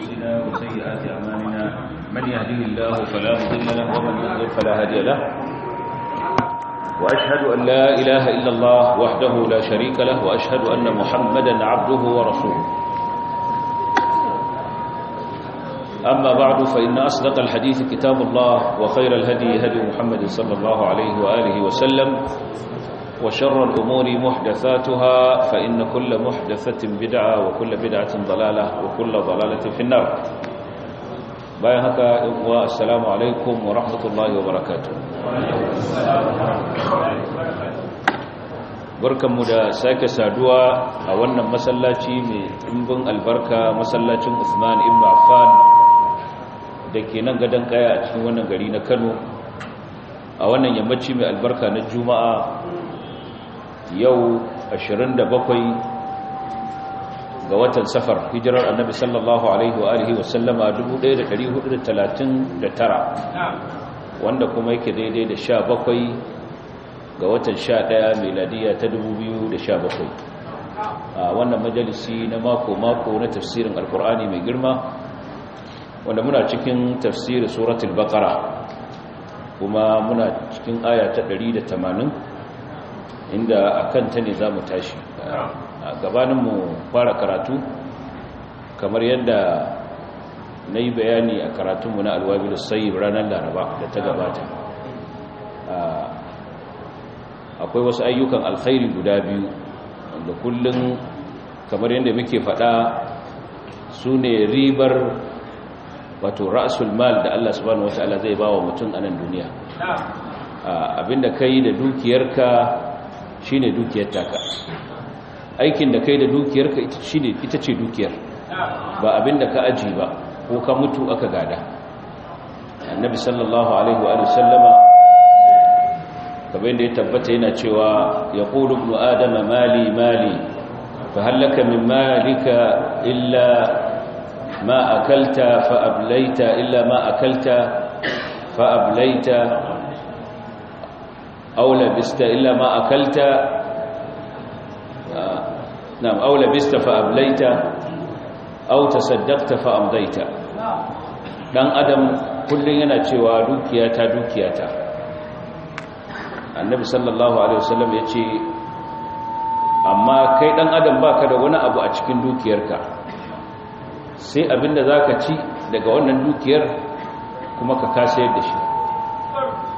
أنفسنا وسيئات أعمالنا من يهدي الله فلا مضل له ومن يضلل فلا هادي له وأشهد أن لا إله إلا الله وحده لا شريك له وأشهد أن محمدا عبده ورسوله أما بعد فإن أصدق الحديث كتاب الله وخير الهدي هدي محمد صلى الله عليه وآله وسلم وشر الأمور محدثاتها فإن كل محدثة بدعة وكل بدعة ضلالة وكل ضلالة في النار باي هكا والسلام عليكم ورحمة الله وبركاته barkanmu da sake saduwa a wannan masallaci mai ɗimbin albarka masallacin Usman ibn Affan da ke nan gadon kaya a cikin wannan gari na Kano a wannan yammaci mai albarka na Juma'a yau 27 ga watan safar hijirar annabi sallallahu alaihi wa alihi wa 1439 wanda kuma yake daidai da 17 ga watan 11 miladiya ta 2017 a wannan majalisi na mako-mako na tafsirin alkur'ani mai girma wanda muna cikin tafsirin suratul baqara kuma muna cikin aya ta 180 inda a kanta ne za mu tashi a gabaninmu fara karatu kamar yadda na yi bayani a karatunmu na alwabilu sai ranar laraba da ta gabata akwai wasu ayyukan alkhairi guda biyu da kullum kamar yadda muke fada su ne ribar wato ra'asul mal da Allah subhanahu wa ta'ala zai ba wa mutum a nan duniya abinda kai da dukiyarka ne dukiyar taka aikin da kai da dukiyarka ita ce dukiyar ba abin da ka aji ba ko ka mutu aka gada annabi sallallahu alaihi wa sallama kamar da ya tabbata yana cewa ya qulu adama mali mali fa halaka min malika illa ma akalta fa ablaita illa ma akalta fa ablaita aula bista illa ma akalta na'am aula bista fa ablaita aw tasaddaqta fa amdaita dan adam kullun yana cewa dukiyata dukiyata annabi sallallahu alaihi wasallam yace amma kai dan adam baka da wani abu a cikin dukiyarka sai abinda zaka ci daga wannan dukiyar kuma ka kasayar da shi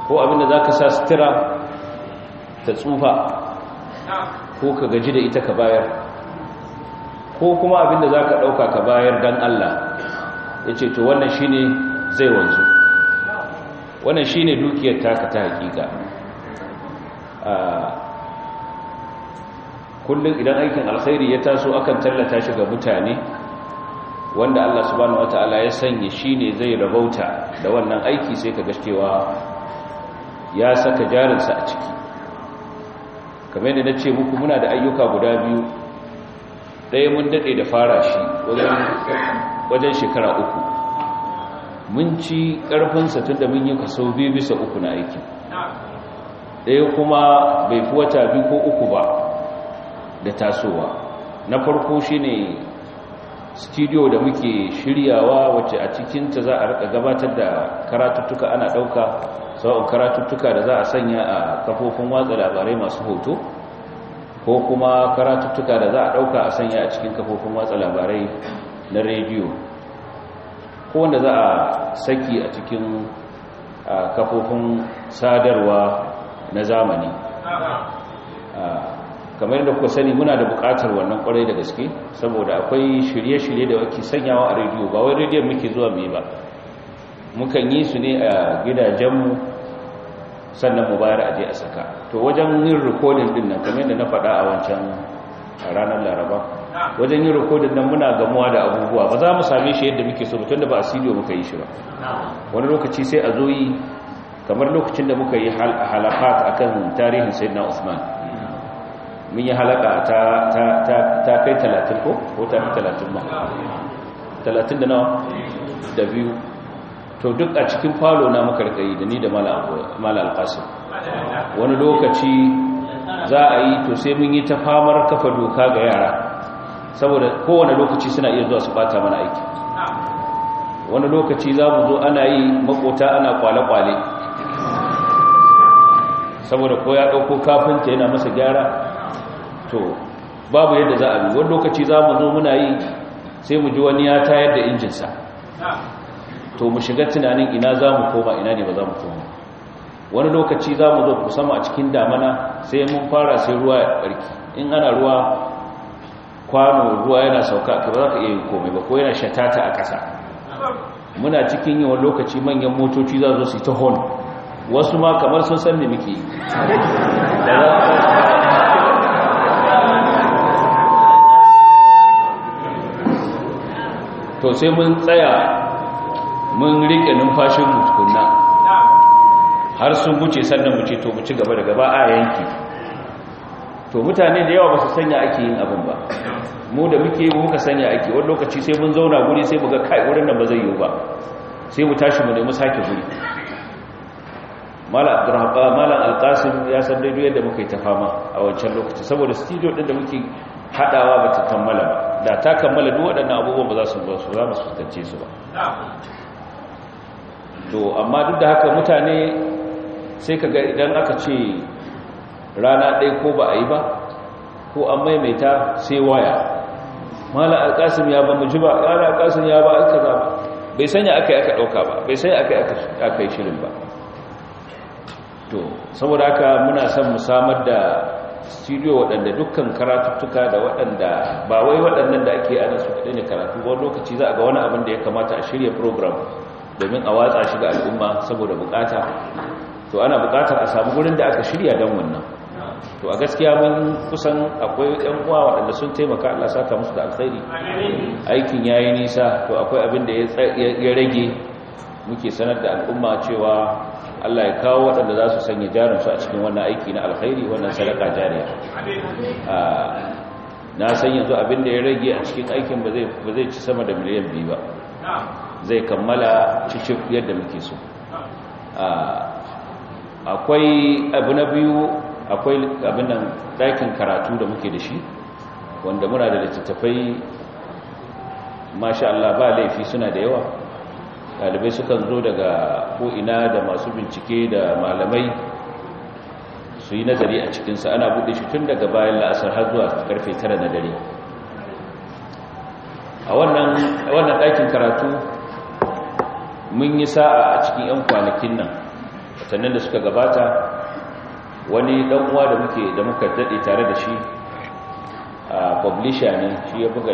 ko abinda zaka sa sutura ta tsufa ko ka gaji da ita ka bayar ko kuma abinda za ka ɗauka ka bayar don Allah ya ce to wannan shi ne zai wanzu wannan shi ne dukiyar taka ta hakika kullum idan aikin alkhairi ya taso akan tallata shi ga mutane wanda Allah subhanahu wata'ala ya sanya shine zai rabauta da wannan aiki sai ka gaskewa ya saka jarinsa a ciki kamar yadda na ce muku muna da ayyuka guda biyu ɗaya mun daɗe da fara shi wajen shekara uku mun ci ƙarfin satun da mun yi kaso biyu bisa uku na aiki ɗaya kuma bai fi wata biyu ko uku ba da tasowa na farko shi studio da muke shiryawa wacce a cikinta za a rika gabatar da karatuttuka ana ɗauka sawa'un karatuttuka da za a sanya a kafofin watsa labarai masu hoto ko kuma karatuttuka da za a ɗauka a sanya a cikin kafofin watsa labarai na rediyo ko wanda za a saki a cikin kafofin sadarwa na zamani kamar yadda kuka sani muna da bukatar wannan kwarai da gaske saboda akwai shirye-shirye da wake sanyawa a rediyo ba wai rediyon muke zuwa mai ba mukan yi su ne a gidajenmu sannan mu bayar aje a saka to wajen yin rikodin din nan kamar yadda na faɗa a wancan ranar laraba wajen yin rikodin nan muna gamuwa da abubuwa ba za mu same shi yadda muke so mutum da ba a siriyo muka yi shi ba wani lokaci sai a zo yi kamar lokacin da muka yi halafat akan tarihin sayyidina usman mun yi halaka ta kai talatin ko ko ta fi talatin ba talatin da nawa da biyu to duk a cikin falo na makarkari da ni da mala alƙasar wani lokaci za a yi to sai mun yi ta famar kafa doka ga yara saboda kowane lokaci suna iya zuwa su bata mana aiki wani lokaci za mu zo ana yi makota ana kwale-kwale saboda ko ya ɗauko kafinta yana masa gyara to babu yadda za a bi wani lokaci za mu zo muna yi sai mu ji wani ya tayar da injinsa to mu shiga tunanin ina za mu koma ina ne ba za mu koma wani lokaci za mu zo kusama a cikin damana sai mun fara sai ruwa ya ɓarki in ana ruwa kwano ruwa yana sauka ka ba za ka iya yin komai ba ko yana shatata a ƙasa muna cikin yawan lokaci manyan motoci za zo su ta hon wasu ma kamar sun san da muke to sai mun tsaya mun riƙe numfashin mutukunna har sun wuce sannan wuce to mu ci gaba da gaba a yanki to mutane da yawa ba su sanya ake yin abin ba mu da muke mu muka sanya ake wani lokaci sai mun zauna guri sai mu ga kai wurin nan ba zai yiwu ba sai mu tashi mu nemi sake guri malam abdurrahman ah, malam alqasim ya san dai yadda muka yi ta fama a wancan lokaci saboda studio din da muke hadawa ta kammala ba da ta kammala duk waɗannan abubuwan ba za su zo su za mu fuskance su ba to amma duk da haka mutane sai kaga idan aka ce rana ɗaya ko ba a yi ba ko an maimaita sai waya mala alƙasim ya ba mu ji ba ƙara alƙasim ya ba aka za ba bai sanya aka yi aka ɗauka ba bai sanya aka yi shirin ba to saboda haka muna son mu samar da studio waɗanda dukkan karatuttuka da waɗanda ba wai waɗannan da ake ana su kaɗai ne karatu ba lokaci za a ga wani abin da ya kamata a shirya program domin a watsa shi ga al'umma saboda bukata to ana bukatar a samu wurin da aka shirya don wannan to a gaskiya mun kusan akwai yan uwa waɗanda sun taimaka Allah saka musu da alkhairi aikin yayi nisa to akwai abin da ya rage muke sanar da al'umma cewa Allah ya kawo waɗanda za su sanya jarinsu a cikin wannan aiki na alkhairi wannan sadaka jariya na san yanzu abin da ya rage a cikin aikin ba zai ci sama da miliyan biyu ba zai kammala cikin yadda muke so akwai abu na biyu akwai abin nan ɗakin karatu da muke da shi wanda muna da littattafai masha Allah ba laifi suna da yawa Dalibai sukan zo daga ko'ina da masu bincike da malamai su yi nazari a cikinsa ana buɗe shi tun daga bayan la'asar har zuwa karfe tara na dare a wannan ɗakin karatu mun yi sa'a a cikin 'yan kwanakin nan watannin da suka gabata wani ɗan'uwa da muke da muka daɗe tare da shi a publisher ne shi ya buga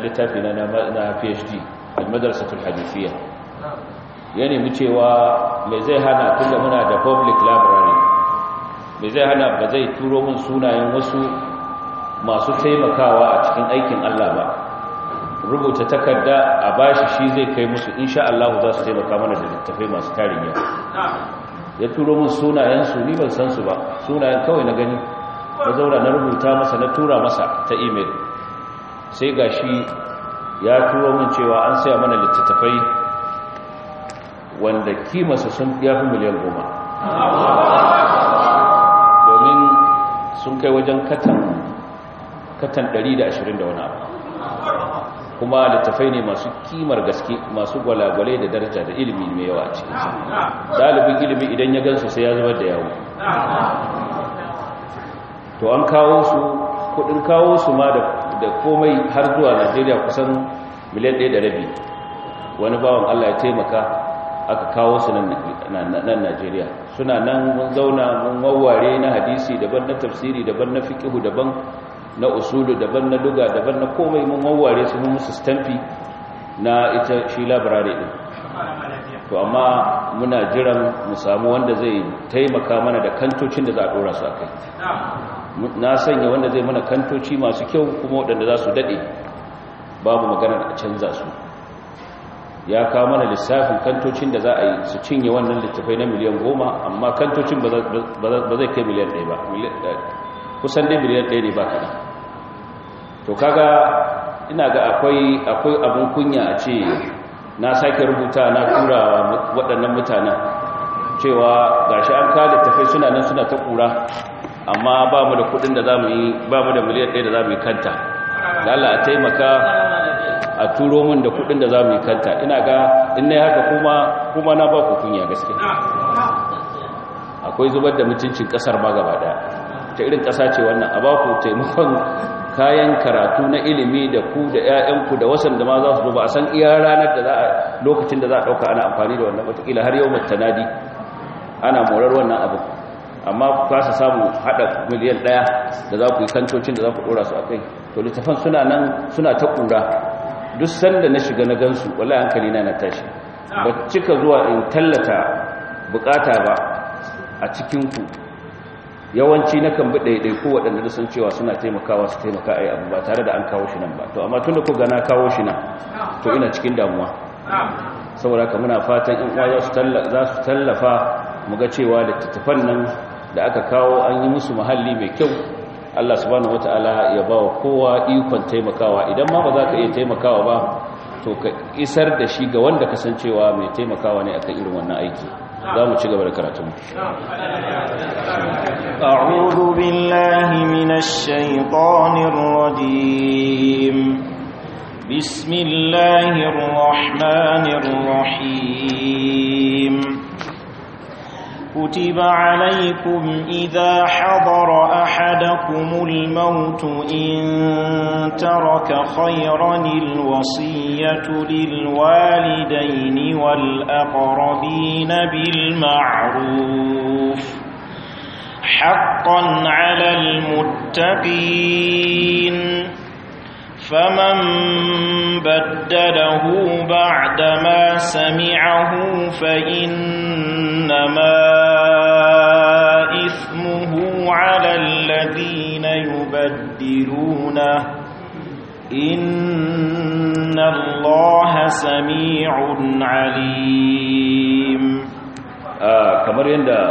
littafi na phd al-madrasatul hadithiyya ya nemi cewa mai zai hana tunda muna da public library mai zai hana ba zai turo mun sunayen wasu masu taimakawa a cikin aikin Allah ba rubuta takarda a bashi shi zai kai musu insha Allah za su taimaka mana da littafai masu tarin ya turo mun sunayen su ni ban san su ba sunayen kawai na gani na zaura na rubuta masa na tura masa ta email sai gashi ya turo mun cewa an saya mana littattafai wanda kimarsa sun fi miliyan goma domin sun kai wajen katan katan 120 da wani abu kuma littafai ne masu kimar gaske masu gwalagwale da daraja da ilimi mai yawa a cikin su dalibin ilimi idan ya gansu sai ya zama da yawo to an kawo su kudin kawo su ma da komai har zuwa najeriya kusan miliyan ɗaya da rabi wani bawan allah ya taimaka aka kawo su nan najeriya suna nan mun zauna mun wawware na hadisi daban na tafsiri daban na fikihu daban na usulu daban na duga daban na komai mun wawware su mun musu stamfi na ita shi labarare din to amma muna jiran mu samu wanda zai taimaka mana da kantocin da za a dora su a kai na sanya wanda zai mana kantoci masu kyau kuma waɗanda za su daɗe babu maganar a canza su ya kawo mana lissafin kantocin da za a yi su cinye wannan littafai na miliyan goma amma kantocin ba zai kai miliyan ɗaya ba kusan dai miliyan ɗaya ne ba kaɗan to kaga ina ga akwai abin kunya a ce na sake rubuta na tura waɗannan mutanen cewa ga shi an kawo littafai suna nan suna ta ƙura amma ba mu da kuɗin da za mu yi ba mu da miliyan ɗaya da za mu yi kanta da Allah a taimaka a turo min da kudin da za mu yi kanta ina ga in na haka kuma kuma na ba ku kunya gaske akwai zubar da mutuncin kasar ma gaba daya ta irin kasa ce wannan a ba ku taimakon kayan karatu na ilimi da ku da 'ya'yanku da wasan da ma za su zo ba a san iya ranar da za a lokacin da za a ɗauka ana amfani da wannan watakila har yau matanadi ana morar wannan abu amma ku kasa samu hada miliyan ɗaya da za ku yi kantocin da za ku ɗora su a kai to littafan suna nan suna ta ƙura duk sanda na shiga na gansu wallahi hankali na na tashi ba cika zuwa in tallata bukata ba a cikin ku yawanci na kan bi daidai ko waɗanda da sun cewa suna taimakawa su taimaka a yi abu ba tare da an kawo shi nan ba to amma tun da ga na kawo shi nan to ina cikin damuwa saboda ka muna fatan in uwa za su tallafa mu ga cewa da littattafan nan da aka kawo an yi musu muhalli mai kyau Allah subhanahu wata'ala ya ba wa kowa ikon taimakawa idan ma ba za ka iya taimakawa ba to ka isar da shi ga wanda kasancewa mai taimakawa ne akan irin wannan aiki za mu ci gaba da karatun أعوذ بالله من بسم الله الرحمن الرحيم كتب عليكم إذا حضر أحدكم الموت إن ترك خيرا الوصية للوالدين والأقربين بالمعروف حقا على المتقين فمن بدله بعدما سمعه فإنما إثمه على الذين يبدلونه إن الله سميع عليم آه كمر يندى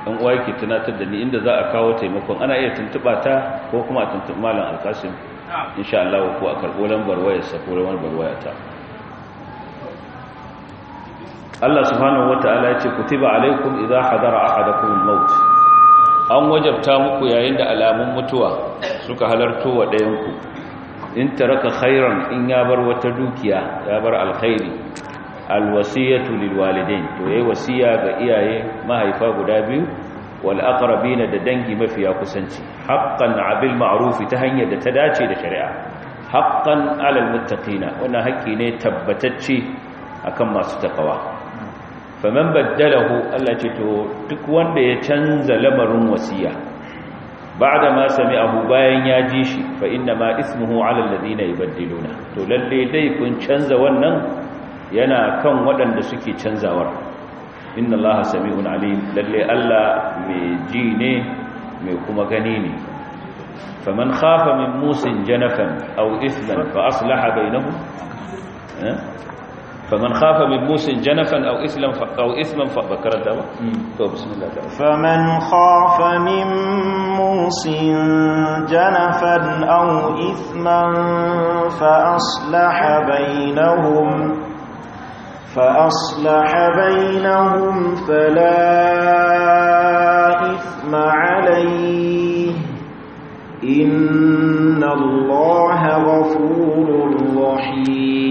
ɗan uwa yake tunatar da ni inda za a kawo taimakon ana iya tuntuɓa ta ko kuma a tuntuɓi malam alƙashin. insha Allah ku a karɓo lambar wayarsa ko lambar wayata Allah subhanahu wataala ya ce kutiba alaikum idza hadara ahadakum al-maut an wajabta muku yayin da alamun mutuwa suka halarto wa ɗayan ku in taraka khairan in ya bar wata dukiya ya bar alkhairi alwasiyatu lilwalidain to yayi wasiya ga iyaye mahaifa guda biyu wal'akarabina da dangi mafiya kusanci haƙƙan abil ma'arufi ta hanyar da ta dace da shari'a haƙƙan alal muttaƙina wannan haƙƙi ne tabbatacce akan masu takawa faman baddalahu Allah ce to duk wanda ya canza lamarin wasiya da ma abu bayan ya ji shi fa inna ma ismuhu ya alladhina na? to lalle laifin canza wannan yana kan waɗanda suke canzawar inna allaha sami'un alim lalle allah me ji ne mai kuma gani ne faman khafa min musin janafan aw ithman fa aslaha bainahum khafa فمن خاف من موس جنفا أو إثما أو إثما فذكر الدواء بسم الله تعالى. khafa min musin janafan aw ithman fa aslaha bainahum فأصلح بينهم فلا إثم عليه إن الله غفور رحيم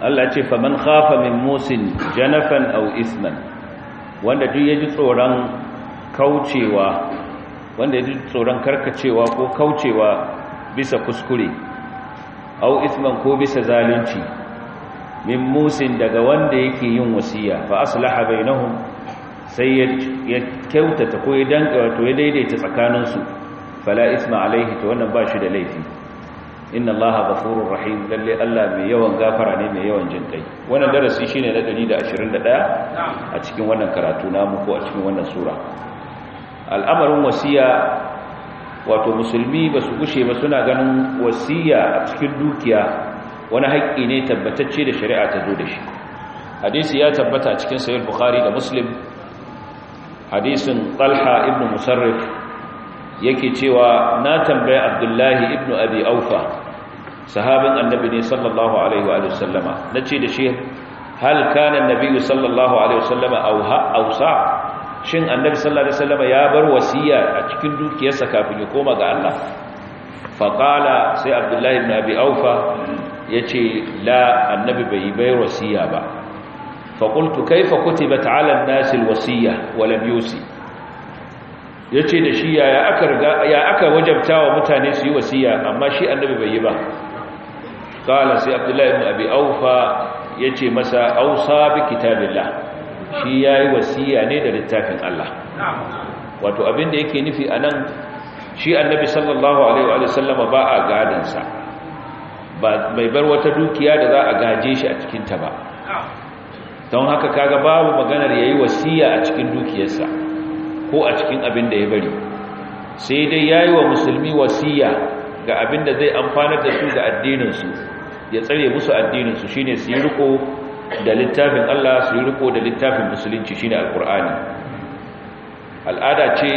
Allah ce faman khafa min musin janafan aw isman wanda duk yaji tsoron kaucewa karkacewa ko kaucewa bisa kuskure aw isman ko bisa zalunci min musin daga wanda yake yin wasiya fa aslaha bainahum sai ya kyautata ko ya danka wato ya daidaita tsakaninsu fala isma alaihi to wannan ba shi da laifi inna allaha ghafurur rahim lalle Allah mai yawan gafara ne mai yawan kai wannan darasi shine na 121 a cikin wannan karatu namu ko a cikin wannan sura al'amarin wasiya wato musulmi ba su gushe ba suna ganin wasiya a cikin dukiya wani haƙƙi ne tabbatacce da shari'a ta zo da shi hadisi ya tabbata cikin sayar bukhari da muslim hadisin talha ibn musarrif yake cewa na tambaye abdullahi ibn abi aufa sahabin annabi ne sallallahu alaihi wa sallama ce da shi hal kana annabi sallallahu alaihi wa sallama ausa shin annabi sallallahu alaihi wa sallama ya bar wasiya a cikin dukiyarsa kafin ya koma ga Allah Faƙala sai abdullahi ibn abi aufa ya ce la annabi bai yi bai wasiya ba faƙultu kai faƙuti ba ta'alar nasil wasiya walam yusi ya ce da shi ya aka wajabta wa mutane su yi wasiya amma shi annabi bai yi ba ƙala sai abdullahi ibn abi aufa ya ce masa ausa bi kitabillah shi ya yi wasiya ne da littafin allah wato abinda yake nufi a nan shi annabi sallallahu alaihi wa sallama ba a gadansa bai bar wata dukiya da za a gaje shi a cikinta ba don haka kaga babu maganar ya yi wasiya a cikin dukiyarsa ko a cikin abin da ya bari sai dai ya yi wa musulmi wasiya ga abin da zai amfanar da su ga addininsu ya tsare musu addininsu shine su yi riko da littafin Allah su yi riko da littafin musulunci shine alkur'ani al'ada ce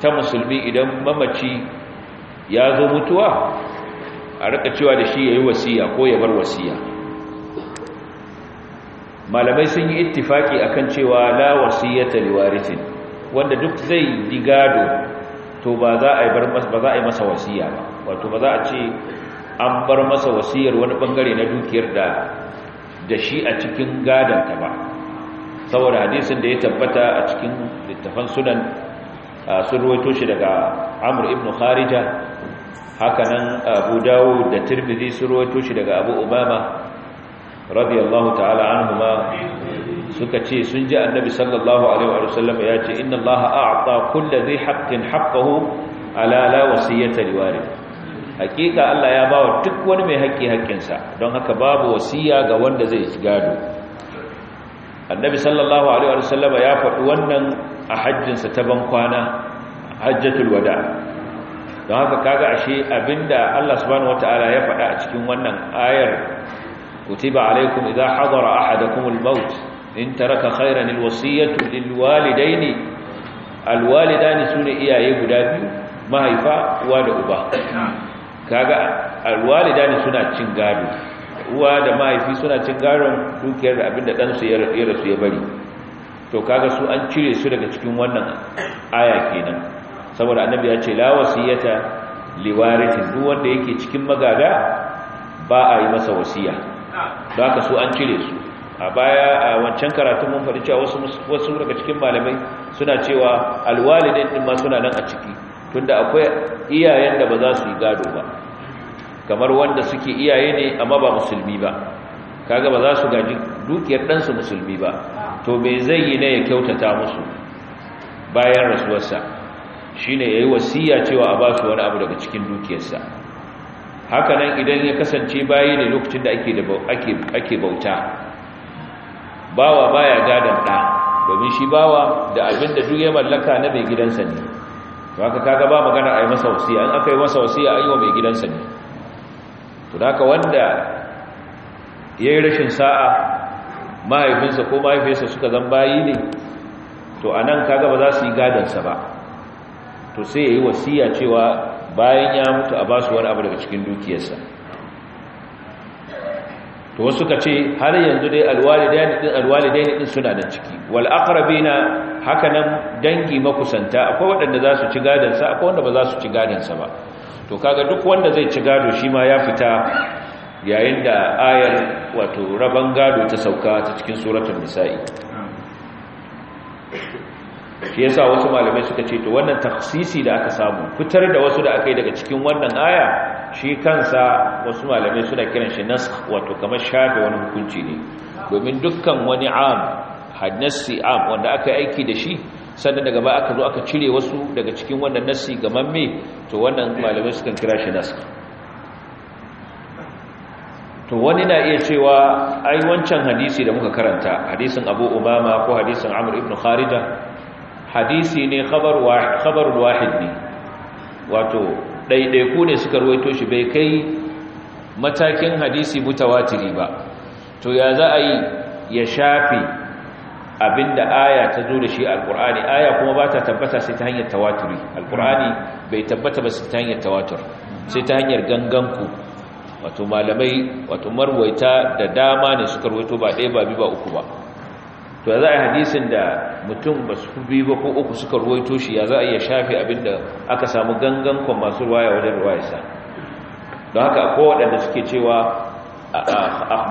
ta musulmi idan mamaci ya zo mutuwa a rika cewa da shi ya yi wasiya ko ya bar wasiya malamai sun yi ittifaki akan cewa la wasiyata liwarithin wanda duk zai yi gado to ba za a masa a yi masa wasiya ba wato ba za a ce an bar masa wasiyar wani bangare na dukiyar da da shi a cikin gadanta ba saboda hadisin da ya tabbata a cikin littafan sunan sun ruwaito shi daga amr ibn kharija hakanan abu dawo da tirmidhi su rawaito shi daga abu umama radiyallahu ta'ala anhuma suka ce sun ji annabi sallallahu alaihi wa sallam ya ce inna allaha a'ta kulli dhi haqqin haqqahu ala la hakika Allah ya bawa duk wani mai haƙƙi haƙƙinsa don haka babu wasiya ga wanda zai gado annabi sallallahu alaihi wa sallam ya faɗi wannan a hajjinsa ta ban kwana hajjatul wada' don haka kaga ashe abinda Allah subhanahu wataala ya faɗa a cikin wannan ayar kutiba alaikum idza hadara ahadakum al-maut in taraka khayran al-wasiyatu lil walidaini al-walidani sune iyaye guda biyu mahaifa uwa da uba kaga al-walidani suna cin gado uwa da mahaifi suna cin garon dukiyar abinda dan su ya rasu ya bari to kaga su an cire su daga cikin wannan aya kenan saboda annabi ya ce la wasiyata liwarisi duk wanda yake cikin magaga ba a yi masa wasiya don haka su an cire su a baya a wancan karatun mun faɗi cewa wasu wasu daga cikin malamai suna cewa alwalidin din ma suna nan a ciki tunda akwai iyayen da ba za su yi gado ba kamar wanda suke iyaye ne amma ba musulmi ba kaga ba za su gaji dukiyar ɗansu musulmi ba to me zai yi ne ya kyautata musu bayan rasuwarsa Shi ne ya yi wasiya cewa a ba su wani abu daga cikin dukiyarsa hakanan idan ya kasance bayi ne lokacin da ake bauta bawa baya gadon ɗa, domin shi bawa da abin da duk ya mallaka na mai gidansa ne to haka kaga ba magana a yi masa wasiya an aka yi masa wasiya yi wa mai gidansa ne to haka wanda ya yi rashin sa'a mahaifinsa ko mahaifinsa suka zan bayi ne to anan kaga ba za su yi gadansa ba to sai ya yi wasiya cewa bayan ya mutu a basu wani abu daga cikin dukiyarsa to wasu ka ce har yanzu dai alwalidaini din suna da ciki wal aqrabina haka nan dangi makusanta akwai waɗanda za su ci gadon sa akwai wanda ba za su ci gadon ba to kaga duk wanda zai ci gado shi ma ya fita yayin da ayar wato rabon gado ta sauka ta cikin suratul nisa'i shi yasa wasu malamai suka ce to wannan taksisi da aka samu fitar da wasu da aka yi daga cikin wannan aya shi kansa wasu malamai suna kiran shi nasakh wato kamar shafe wani hukunci ne domin dukkan wani am hadnasi am wanda aka yi aiki da shi sannan daga ba aka zo aka cire wasu daga cikin wannan nasi gaman me to wannan malamai sukan kira shi nasakh to wani na iya cewa ai wancan hadisi da muka karanta hadisin Abu Umama ko hadisin Amr ibn Kharija hadisi ne khabar wahid ne wato ɗaiɗaiku ne suka ruwaito shi bai kai matakin hadisi mutawatiri ba to ya za a yi ya shafi abinda aya ta zo da shi alkur'ani aya kuma ba ta tabbata sai ta hanyar tawaturi alkur'ani bai tabbata ba sai ta hanyar tawatur sai ta hanyar ganganku wato malamai wato marwaita da dama ne suka ruwaito ba ɗaya ba biyu ba uku ba to za a hadisin da mutum ba su bi ba ko uku suka ruwaito shi ya za a iya shafi abinda aka samu gangan kwan masu ruwaya wajen sa don haka kowa waɗanda suke cewa a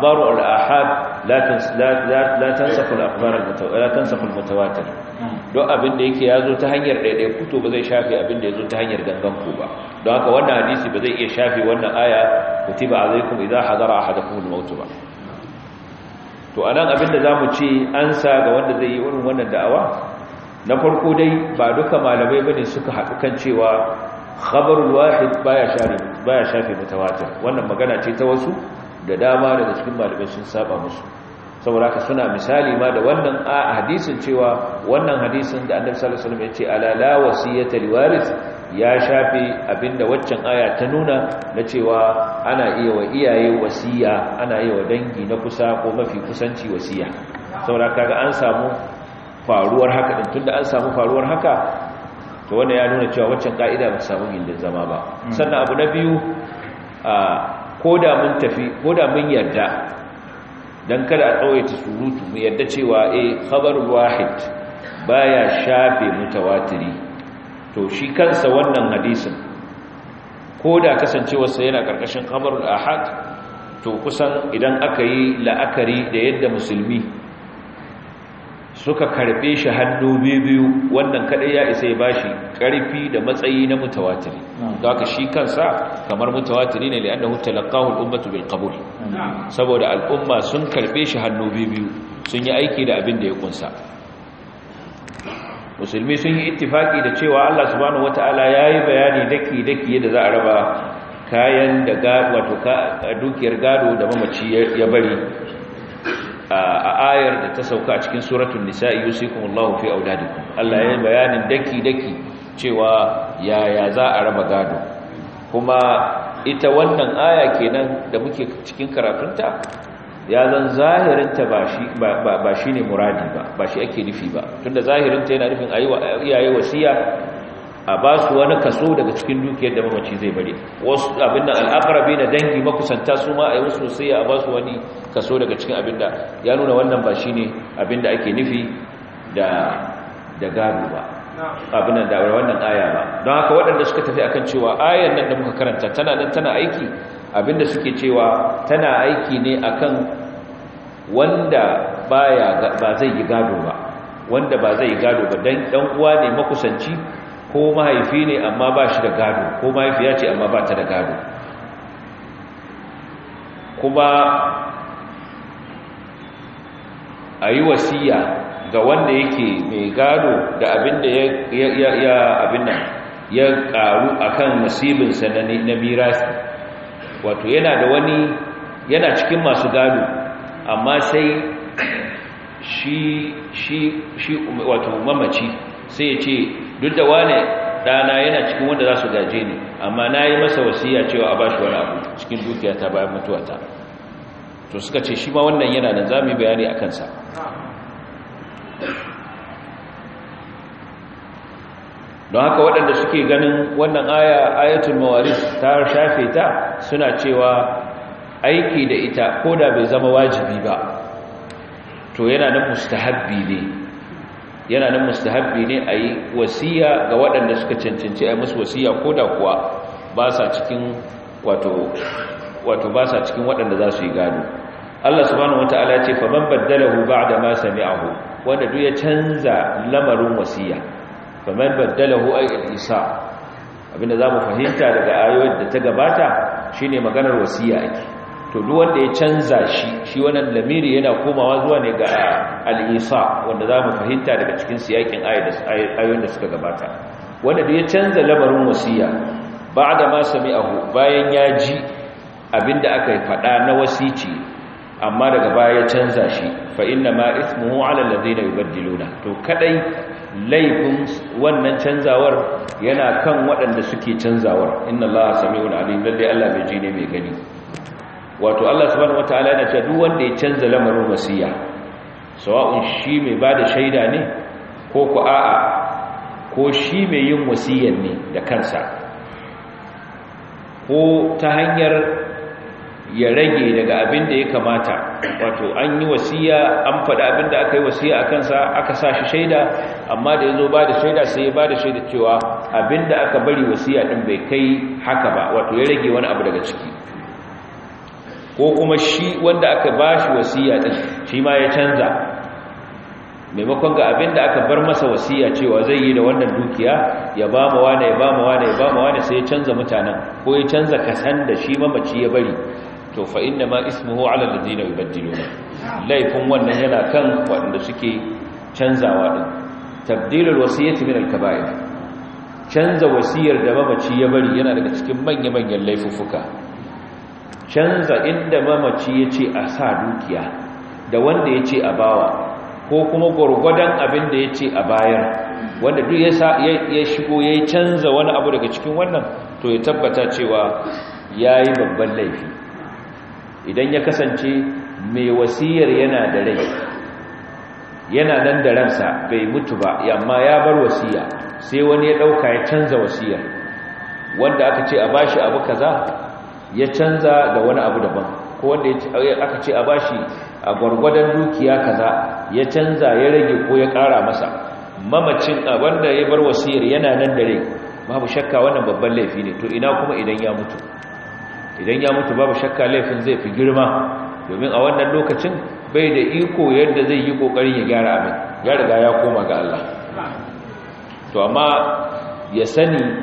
al-ahad la tansafu al don abinda yake ya zo ta hanyar ɗaiɗai kuto ba zai shafi abinda ya zo ta hanyar gangan ku ba don haka wannan hadisi ba zai iya shafi wannan aya kutiba alaikum idza hadara ahadakum al mutu ba to a anan abinda mu ce an sa ga wanda zai yi irin wannan da'awa na farko dai ba duka malamai ba ne suka haɗu kan cewa khabarul wahid baya share baya mutawatir wannan magana ce ta wasu da dama daga cikin malamai sun saba musu saboda ka suna misali ma da wannan a hadisin cewa wannan hadisin da annabi sallallahu alaihi wasallam ya ce ala la wasiyata liwaris ya shafe abinda waccan aya ta nuna na cewa ana iya wa iyaye wasiya ana iya wa dangi na kusa ko mafi kusanci wasiya saboda kaga an samu faruwar haka din tunda an samu faruwar haka to wanda ya nuna cewa waccan ka'ida ba samu gindin zama ba hmm. sannan abu na biyu a koda mun tafi koda mun yarda don kada a tsawaita surutu mu yadda cewa eh khabar wahid baya shafe mutawatiri to shi kansa wannan hadisin ko da kasancewarsa yana karkashin khabarul ahad to kusan idan aka yi la'akari da yadda musulmi suka karbe shi hannu biyu wannan kadai ya isa ya bashi karfi da matsayi na mutawatiri haka shi kansa kamar mutawatiri ne da talaqahu al-ummatu bil qabul saboda al'umma sun karbe shi hannu biyu sun yi aiki da abin da ya kunsa musulmi sun yi ittifaki da cewa Allah subhanahu ya yi bayani daki daki yadda za a raba kayan da wato dukiyar gado da mamaci ya bari a ayar da ta sauka a cikin suratun nisa'i allahu fi auladikum Allah ya yi bayanin daki daki cewa yaya za a raba gado kuma ita wannan aya kenan da muke cikin karatunta ya zan zahirinta ba shi ne muradi ba ba shi ake nufi ba tunda zahirinta yana nufin a wa iyaye wasiya a ba su wani kaso daga cikin dukiyar da mamaci zai bari wasu abin nan al'akarabi na dangi makusanta su ma a yi wasu sai a ba su wani kaso daga cikin abin da ya nuna wannan ba shi ne abin da ake nufi da gado ba abin nan da wannan aya ba don haka waɗanda suka tafi akan cewa ayan nan da muka karanta tana nan tana aiki abin da suke cewa tana aiki ne akan wanda ba zai yi gado ba wanda ba zai yi gado ba dan dan uwa ne makusanci ko mahaifi ne amma ba shi da gado ko mahaifiya ce amma ba ta da gado kuma a yi wasiya ga wanda yake mai gado da abinda ya abin da ya karu akan nasibinsa na mirasi wato yana da wani yana cikin masu gado amma sai shi shi shi wato mamaci sai ya ce duk da wane dana yana cikin wanda za su gaje ni amma na yi masa wasiya cewa a bashi wani abu cikin dukiyata bayan mutuwata to suka ce shi ma wannan yana da za yi bayani a kansa don haka waɗanda suke ganin wannan aya ayatul mawaris ta shafe ta suna cewa aiki da ita ko da bai zama wajibi ba to yana da mustahabbi ne yana nan mustahabbi ne a yi wasiya ga waɗanda suka cancanci a musu wasiya ko da kuwa ba sa cikin wato ba cikin waɗanda za su yi gado Allah subhanahu wata'ala ce faman man da ba'da ma sami'ahu wanda duk ya canza lamarin wasiya faman man baddalahu ay isa abinda zamu fahimta daga ayoyin da ta gabata shine maganar wasiya ake to duk wanda ya canza shi shi wannan lamiri yana komawa zuwa ne ga al-isa wanda zamu fahimta daga cikin siyakin ayoyin da suka gabata wanda duk ya canza lamarin wasiya da ma sami'ahu bayan ya ji abinda aka faɗa na wasici amma daga baya ya canza shi fa inna ma ismuhu 'ala alladhina yubaddiluna to kadai laifin wannan canzawar yana kan waɗanda suke canzawar inna allaha sami'un alim lalle Allah bai ji ne mai gani wato Allah subhanahu wataala yana cewa duk wanda ya canza lamarin wasiya sawa'un shi mai bada shaida ne ko ku a'a ko shi mai yin wasiyar ne da kansa ko ta hanyar ya rage daga abin da ya kamata wato an yi wasiya an faɗa abin da aka yi wasiya a kansa aka sa shi shaida amma da ya zo ba da shaida sai ya ba da shaida cewa abin da aka bari wasiya ɗin bai kai haka ba wato ya rage wani abu daga ciki ko kuma shi wanda aka ba shi wasiya din shi ma ya canza maimakon ga abin da aka bar masa wasiya cewa zai yi da wannan dukiya ya ba mu wane ya ba mu wane ya ba mu wane sai ya canza mutanen ko ya canza kasan da shi mamaci ya bari to fa inna ma ismuhu ala alladhina yubaddiluna laifin wannan yana kan waɗanda suke canzawa din tabdilul wasiyati min al-kaba'ir canza wasiyar da mamaci ya bari yana daga cikin manya-manyan laifuffuka canza inda mamaci ya ce a sa dukiya da wanda ya ce a bawa ko kuma gwargwadon abin da ya ce a bayar wanda duk ya shigo ya canza wani abu daga cikin wannan to ya tabbata cewa ya yi babban laifi idan ya kasance mai wasiyar yana da rai yana nan da ransa bai mutu ba amma ya bar wasiya sai wani ya ɗauka ya canza wasiyar wanda aka ce a bashi abu kaza ya canza da wani abu daban ko wanda aka ce a bashi a gwargwadon dukiya kaza ya canza ya rage ko ya ƙara masa mamacin wanda ya bar wasiyar yana nan da rai babu shakka wannan babban laifi ne to ina kuma idan ya mutu idan ya mutu babu shakka laifin zai fi girma domin a wannan lokacin bai da iko yadda zai yi kokarin ya gyara abin ya riga ya koma ga Allah to amma ya sani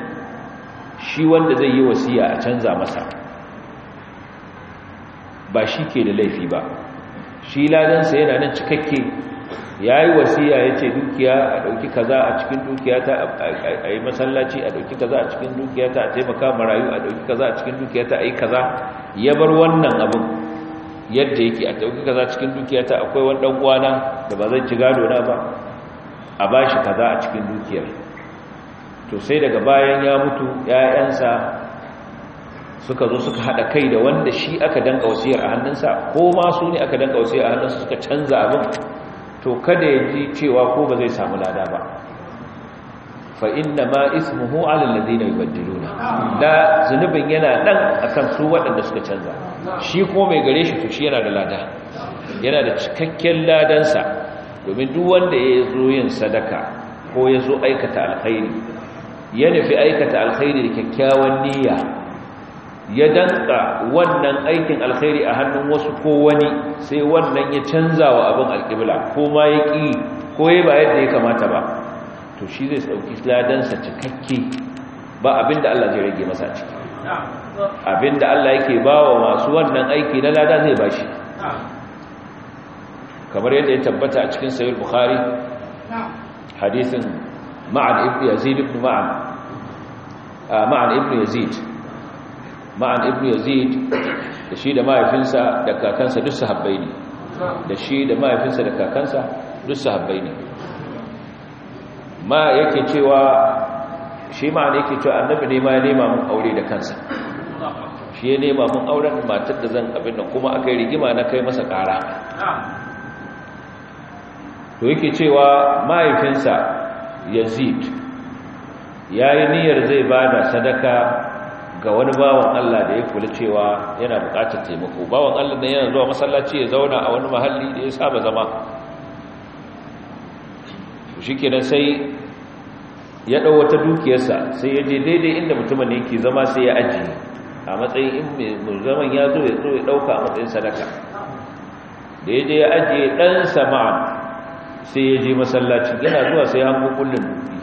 shi wanda zai yi wasiya a canza masa ba shi ke da laifi ba shi ladansa yana nan cikakke ya yi wasiya ya ce dukiya a ɗauki kaza a cikin dukiya ta a yi masallaci a ɗauki kaza a cikin dukiya ta a taimaka marayu a ɗauki kaza a cikin dukiya ta a yi kaza ya bar wannan abin yadda yake a ɗauki kaza cikin dukiya ta akwai wani ɗan uwana da ba zai ci gado na ba a ba shi kaza a cikin dukiyar to sai daga bayan ya mutu ‘ya'yansa suka zo suka hada kai da wanda shi aka danka wasiyar a hannunsa ko ma su ne aka danka wasiyar a hannunsa suka canza abin to kada ya ji cewa ko ba zai samu lada ba fa inna ma ismuhu ala alladhina yubaddiluna da zunubin yana nan akan su waɗanda suka canza shi ko mai gare shi to shi yana da lada yana da cikakken ladansa domin duk wanda ya zo yin sadaka ko ya zo aikata alkhairi ya nufi aikata alkhairi da kyakkyawan niyya ya danka wannan aikin alkhairi a hannun wasu ko wani sai wannan ya canza wa abin alƙibla ko ma ya ƙi ko ya ba yadda ya kamata ba to shi zai sauki ladansa cikakke ba abinda Allah zai rage masa ciki abinda Allah yake ba wa masu wannan aiki na lada zai ba shi kamar yadda ya tabbata a cikin sayar bukhari hadisin ma'an ibn yazid ibn ma'an ah, ma'an ibn yazid ma'an ibn yazid da shi da mahaifinsa da kakansa duk sahabbai ne da shi da mahaifinsa da kakansa duk sahabbai ne ma yake cewa shi ma'an yake cewa annabi ne ma ya nema mun aure da kansa shi ya nema mun auren matar da zan abin nan kuma aka yi rigima na kai masa ƙara to yake cewa mahaifinsa yazid ya yi niyyar zai ba da sadaka ga wani bawan Allah da ya kula cewa yana buƙatar taimako bawan Allah da yana zuwa masallaci ya zauna a wani mahalli da ya saba zama shikenan sai ya ɗau wata dukiyarsa sai ya je daidai inda mutumin ne yake zama sai ya ajiye a matsayin in mai zaman ya zo ya zo ya ɗauka a matsayin sadaka da ya je ya ajiye ɗan sama sai ya je masallaci yana zuwa sai ya hango kullum dubi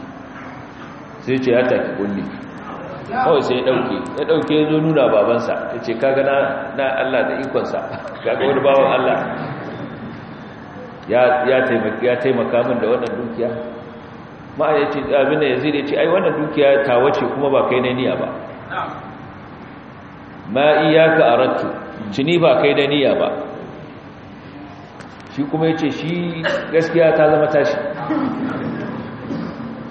sai ce ya taki kullum. kawai sai ya dauke ya dauke ya zo nuna babansa ya ce kaga na Allah da ikonsa kaga wani bawan Allah ya taimaka min da wannan dukiya ma'a ya ce abin da yazid ya ce ai wannan dukiya ta wace kuma ba kai ba niyya ba ka a arattu cini ba kai da ba shi kuma ya ce shi gaskiya ta zama tashi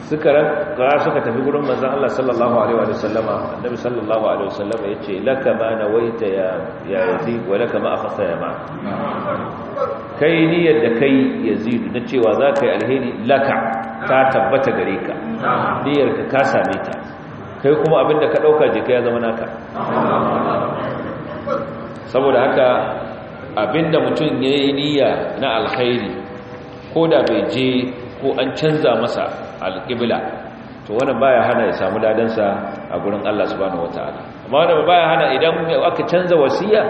suka rara suka tafi gurin manzon Allah sallallahu alaihi wa sallama annabi sallallahu alaihi wa sallama yace laka ma nawaita ya ya yazi wa laka ma akhasa ya ma kai niyyar da kai yazid na cewa za ka yi alheri laka ta tabbata gare ka niyyar ka ka same ta kai kuma abin da ka dauka je ya zama naka saboda haka abinda mutum yayi niyya na alheri, ko da bai je ko an canza masa alƙibla to wannan baya hana ya samu sa a gurin Allah subhanahu wataala amma wannan baya hana idan aka canza wasiya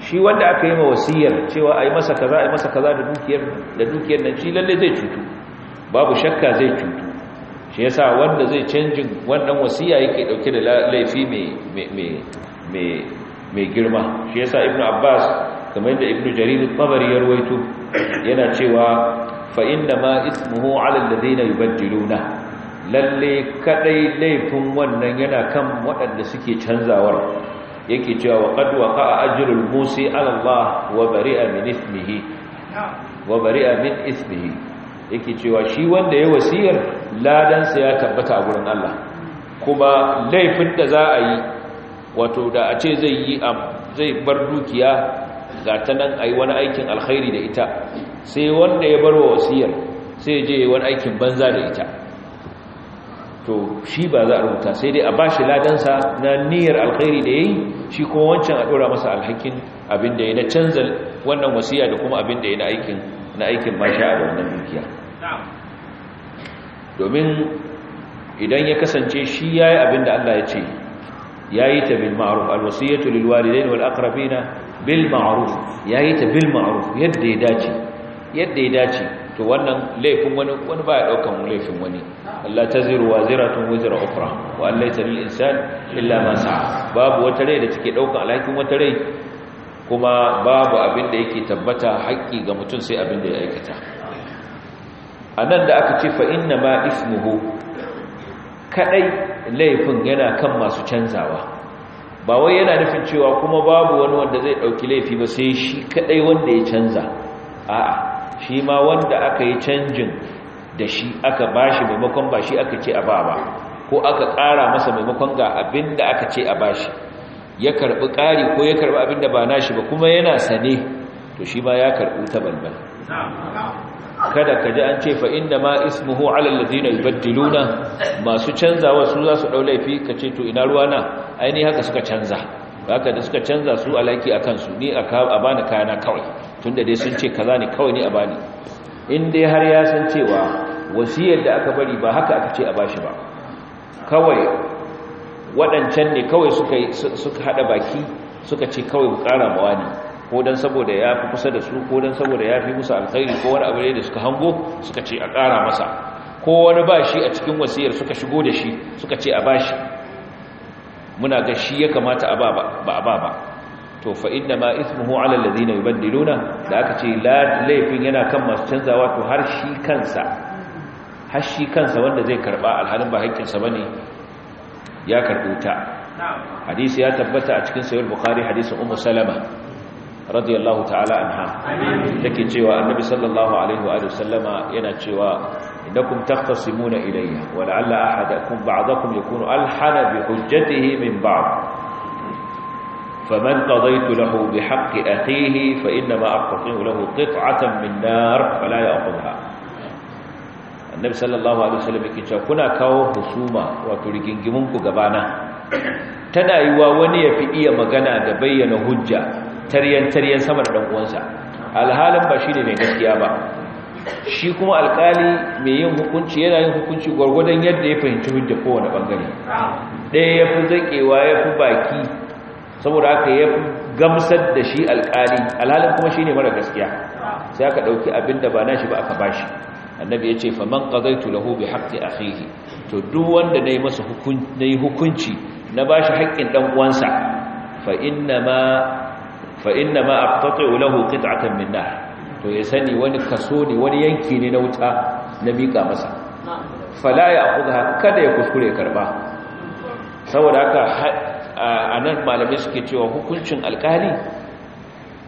shi wanda aka yi ma wasiyar cewa ai masa kaza ai masa kaza da dukiyar da dukiyar nan shi lalle zai cutu babu shakka zai cutu shi yasa wanda zai canjin wannan wasiya yake dauke da laifi mai mai mai mai girma shi yasa ibnu abbas kamar da ibnu jarir tabari ya yana cewa fa inna ma ismuhu ala alladhina yubaddiluna lalle kadai laifin wannan yana kan waɗanda suke canzawar yake cewa wa qad waqa'a ajrul musi ala wa bari'a min ismihi wa bari'a min ismihi yake cewa shi wanda ya wasiyar ladansa ya tabbata a gurin Allah kuma laifin da za a yi wato da a ce zai yi zai bar dukiya ga ta nan a yi wani aikin alkhairi da ita sai wanda ya bar wa wasiyar sai je wani aikin banza da ita to shi ba za a rubuta sai dai a ba shi ladansa na niyyar alkhairi da ya yi shi kuma wancan a ɗora masa alhakin abin da ya na canza wannan wasiya da kuma abin da ya na aikin na aikin masha a wannan dukiya domin idan ya kasance shi ya yi abin da allah ya ce ya yi ta bil ma'aruf alwasiyatu lil walidain wal aqrabina bil ma'aruf ya yi ta bil ma'aruf yadda ya dace yadda ya dace to wannan laifin wani wani ba ya daukan laifin wani Allah taziru waziratun wazira ukhra wa an laysa lil insani illa ma sa'a babu wata rai da take daukan alhakin wata rai kuma babu abin da yake tabbata haƙƙi ga mutum sai abin da ya aikata anan da aka ce fa inna ma ismuhu kadai laifin yana kan masu canzawa ba wai yana nufin cewa kuma babu wani wanda zai dauki laifi ba sai shi kadai wanda ya canza a'a shi ma wanda aka yi canjin da shi aka bashi maimakon ba shi aka ce a ba ba ko aka ƙara masa maimakon ga abin da aka ce a bashi ya karɓi ƙari ko ya karɓi abin da ba shi ba kuma yana sane to shi ma ya karɓi ta balbal kada ka ji an ce fa inda ma ismuhu alal ladina yubaddiluna masu canzawa su za su laifi ka ce to ina ruwa na aini haka suka canza haka da suka canza su alaki a kansu ni a bani kayana kawai tunda dai sun ce kaza ne kawai ni a bani in dai har ya san cewa wasiyar da aka bari ba haka aka ce a bashi ba kawai waɗancan ne kawai suka haɗa baki suka ce kawai bukara mawa ne ko don saboda ya fi kusa da su ko don saboda ya fi musu alkhairi ko wani abu da suka hango suka ce a ƙara masa ko wani ba shi a cikin wasiyar suka shigo da shi suka ce a bashi muna ga shi ya kamata a ba ba ba to fa inna ma ismuhu ala alladhina yubaddiluna da aka ce laifin yana kan masu canzawa to har shi kansa har shi kansa wanda zai karba alhalin ba haƙƙinsa bane ya karɓo ta hadisi ya tabbata a cikin sayar bukari hadisin umar salama radiyallahu ta'ala anha take cewa annabi sallallahu alaihi wa sallama yana cewa إنكم تقتسمون إليها ولعل أحدكم بعضكم يكون ألحن بحجته من بعض فمن قضيت له بحق أخيه فإنما أقطع له قطعة من نار فلا يأخذها النبي صلى الله عليه وسلم يكي كنا كاو حسومة وطريقين جمونك قبانا تنا يواوني في إيا مغانا دبين حجة تريان تريان سمر لنقوانسا الهالم بشيني من قسيابا shi kuma alkali mai yin hukunci yana yin hukunci gwargwadon yadda ya fahimci hujja kowane bangare ɗaya ya fi zaƙewa ya fi baki saboda haka ya fi gamsar da shi alkali alhalin kuma shi ne mara gaskiya sai aka ɗauki abin da ba na shi ba aka ba shi annabi ya ce faman qadaitu lahu bi haqqi akhihi to duk wanda nayi masa hukunci nayi hukunci na bashi haƙƙin ɗan uwansa fa inna ma fa inna ma aqta'u lahu qit'atan min to ya sani wani kaso ne wani yanki ne na wuta na miƙa masa fala ya kuka kada ya kuskure karba saboda haka a nan malamai suke cewa hukuncin alkali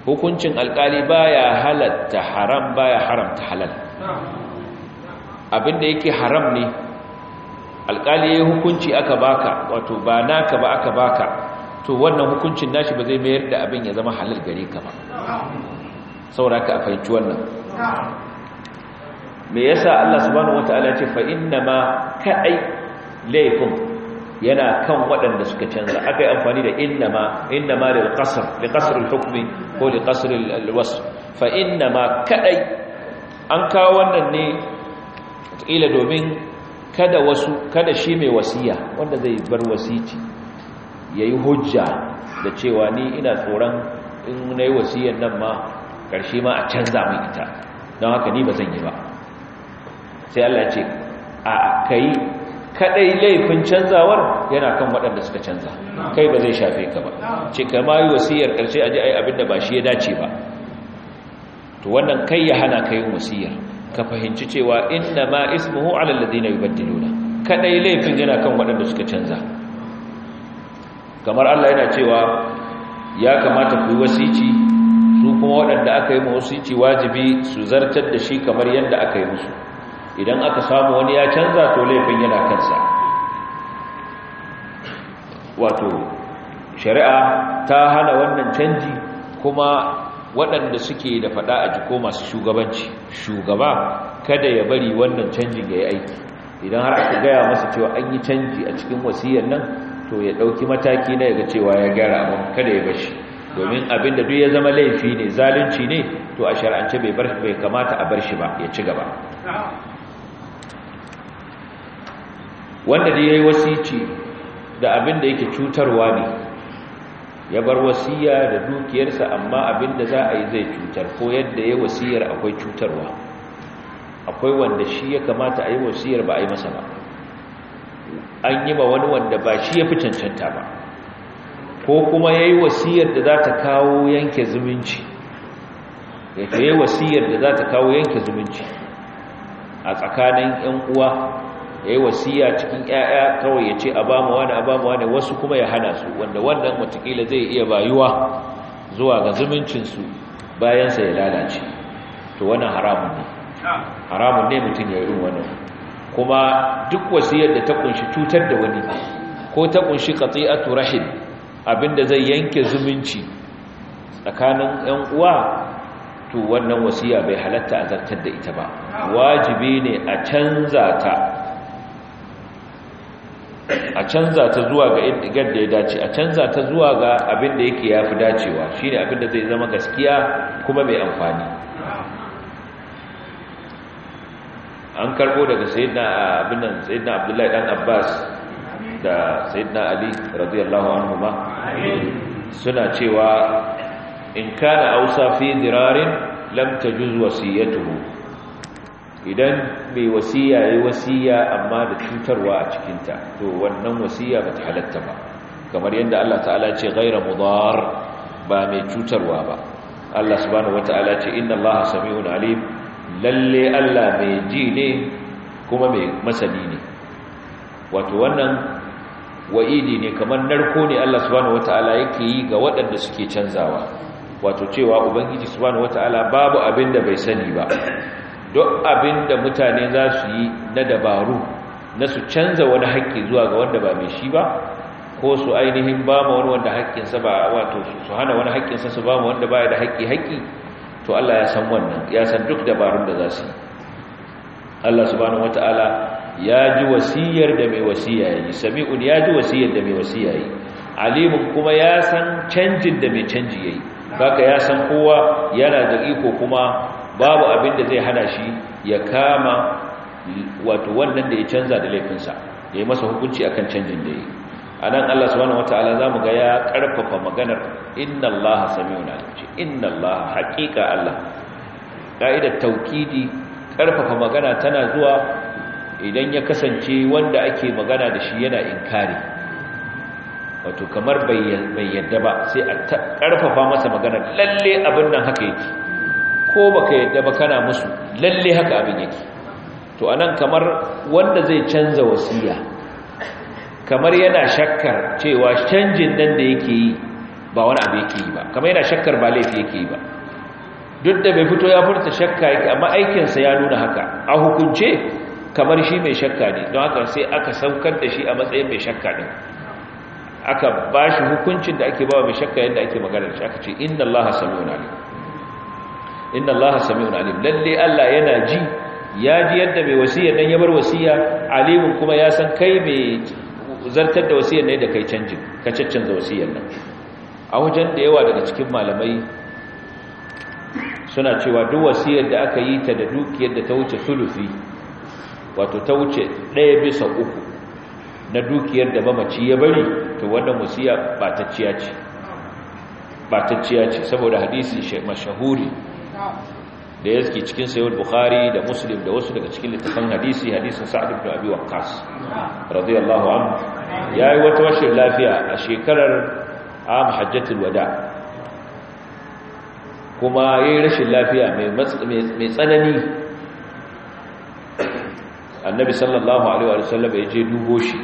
hukuncin alkali baya halatta haram baya haramta halal abinda yake haram ne alkali ya hukunci aka baka wato ba naka ba aka baka to wannan hukuncin nashi ba zai mayar da abin ya zama halal gare ka ba saboda a fahimci wannan me yasa Allah subhanahu wataala ce fa inna ma kadai laifin yana kan waɗanda suka canza aka amfani da inna ma inna ma lil qasr li qasr al hukmi ko li qasr al wasf fa inna ma kaɗai. an kawo wannan ne ila domin kada wasu kada shi mai wasiya wanda zai bar wasici yayi hujja da cewa ni ina tsoron in nayi wasiyar nan ma karshe ma a canza mai ita don haka ni ba zan yi ba sai Allah ce a kai kadai laifin canzawar yana kan waɗanda suka canza kai ba zai shafe ka ba ce kama yi wasiyar karshe aje ai abin da ba shi ya dace ba to wannan kai ya hana ka yin wasiyar ka fahimci cewa inna ma ismuhu ala alladhina yubaddiluna kadai laifin yana kan waɗanda suka canza kamar Allah yana cewa ya kamata ku yi wasici kuma waɗanda aka yi mawasici wajibi su zartar da shi kamar yadda aka yi musu idan aka samu wani ya canza to laifin yana kansa wato shari'a ta hana wannan canji kuma waɗanda suke da faɗa a jiko masu shugabanci shugaba kada ya bari wannan canjin ya yi aiki idan har aka gaya masa cewa an yi canji a cikin wasiyyar nan to ya ɗauki mataki na yaga cewa ya gyara abin kada ya bashi domin abinda duk ya zama laifi ne zalunci ne to a shar'ance bai bar bai kamata a bar shi ba ya ci gaba wanda dai yayi wasici da abinda yake cutarwa ne ya bar wasiya da dukiyarsa amma abinda za a yi zai cutar ko yadda yayi wasiyar akwai cutarwa akwai wanda shi ya kamata a yi wasiyar ba a yi masa ba an yi ba wani wanda ba shi ya fi cancanta ba ko kuma ya yi wasiyar da za ta kawo yanke zumunci ya yi wasiyar da za ta kawo yanke zumunci a tsakanin 'yan uwa ya yi wasiya cikin 'ya'ya kawai ya ce a ba mu wani a ba mu wani wasu kuma ya hana su wanda wannan watakila zai iya bayuwa zuwa ga zumuncinsu bayansa ya lalace to wannan haramun ne haramun ne mutum ya yi wannan kuma duk wasiyar da ta kunshi cutar da wani ko ta kunshi qati'atu rahim Abin da zai yanke zumunci tsakanin yan uwa to wannan wasiya bai halatta a zartar da ita ba wajibi ne a canza ta a canza ta zuwa ga yadda ya dace a canza ta zuwa ga abin da yake ya fi dacewa shi ne abin da zai zama gaskiya kuma mai amfani an karbo daga Sayyidina abdullahi dan abbas da sayyidina ali radiyallahu anhu ma suna cewa in kana ausa fi dirarin lam tajuz wasiyatuhu idan mai wasiya yayi wasiya amma da cutarwa a cikin ta to wannan wasiya bata halatta ba kamar yadda Allah ta'ala ce ghayra mudar ba mai cutarwa ba Allah subhanahu wataala ce inna Allaha samiun alim lalle Allah mai ji ne kuma mai masani ne wato wannan wa'idi ne kamar narko ne Allah subhanahu wata'ala yake yi ga waɗanda suke canzawa wato cewa ubangiji subhanahu wata'ala babu abin da bai sani ba duk abin da mutane za su yi na dabaru na su canza wani haƙƙi zuwa ga wanda ba mai shi ba ko su ainihin ba ma wani wanda haƙƙinsa ba wato su hana wani haƙƙinsa su ba ma wanda baya da haƙƙi haƙƙi to Allah ya san wannan ya san duk dabarun da za su yi Allah subhanahu wata'ala ya ji wasiyar da mai wasiya yi sami'un ya ji wasiyar da mai wasiya yi alimun kuma ya san canjin da mai canji yayi kaka ya san kowa yana da iko kuma babu abin da zai hana shi ya kama wato wannan da ya canza da laifinsa ya yi masa hukunci akan canjin da ya yi a nan allah subhanahu wataala za mu ga ya karfafa maganar inna allah sami'un alim ce inna allah haƙiƙa allah ka'idar taukidi karfafa magana tana zuwa idan ya kasance wanda ake magana da shi yana inkari wato kamar bai yadda ba sai a karfafa masa magana lalle abin nan haka yake ko baka yadda ba kana musu lalle haka abin yake to anan kamar wanda zai canza wasiya kamar yana shakkar cewa canjin nan da yake yi ba wani abu yake yi ba kamar yana shakkar ba laifi yake yi ba duk da bai fito ya furta shakka yake amma aikinsa ya nuna haka a hukunce kamar shi mai shakka ne don haka sai aka saukar da shi a matsayin mai shakka ne aka ba shi hukuncin da ake ba mai shakka yadda ake magana da shi aka ce inna allaha sami'un alim inna sami'un alim lalle allah yana ji ya ji yadda mai wasiya dan ya bar wasiya alimin kuma ya san kai mai zartar da wasiyar ne da kai canjin ka caccanza wasiyar nan a wajen da yawa daga cikin malamai suna cewa duk wasiyar da aka yi ta da dukiyar da ta wuce sulufi wato ta wuce ɗaya bisa uku na dukiyar da mamaci ya bari to wannan musiya batacciya ce saboda hadisi mashahuri da ya zaki cikin sayo bukhari da muslim da wasu daga cikin littafin hadisi hadisin sa'ad ibn abi radiyallahu anhu yayi wata rashin lafiya a shekarar am hajjatul wada kuma yayi rashin lafiya mai tsanani annabi sallallahu alaihi sallam ya je dubo shi